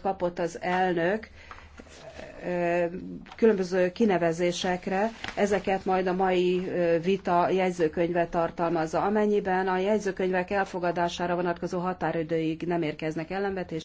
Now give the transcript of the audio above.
kapott az elnök különböző kinevezésekre, ezeket majd a mai vita jegyzőkönyve tartalmazza. Amennyiben a jegyzőkönyvek elfogadására vonatkozó határidőig nem érkeznek ellenvetés,